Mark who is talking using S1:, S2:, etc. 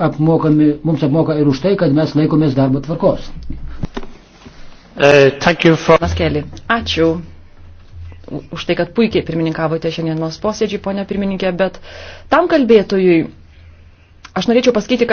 S1: apmokami, mums apmoka ir už tai, kad mes laikomės darbo tvarkos.
S2: Uh,
S1: for... Maskeli, ačiū už tai, kad puikiai
S3: pirmininkavote šiandienos posėdžiui, ponia pirmininkė, bet tam kalbėtojui aš norėčiau pasakyti, kad